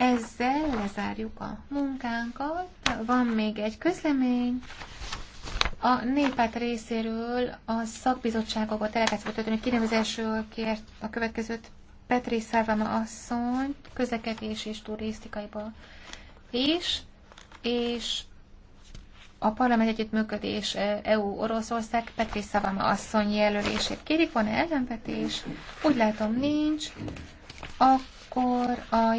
Ezzel lezárjuk a munkánkat. Van még egy közlemény. A népát részéről a szakbizottságokba delegációba történő kinevezésről kért a következőt Petri Szávama asszony közlekedés és turisztikaiba is, és a parlament együttműködés EU-Oroszország e Petri Szavama asszony jelölését kérik. Van-e ellenvetés? Úgy látom nincs. Akkor a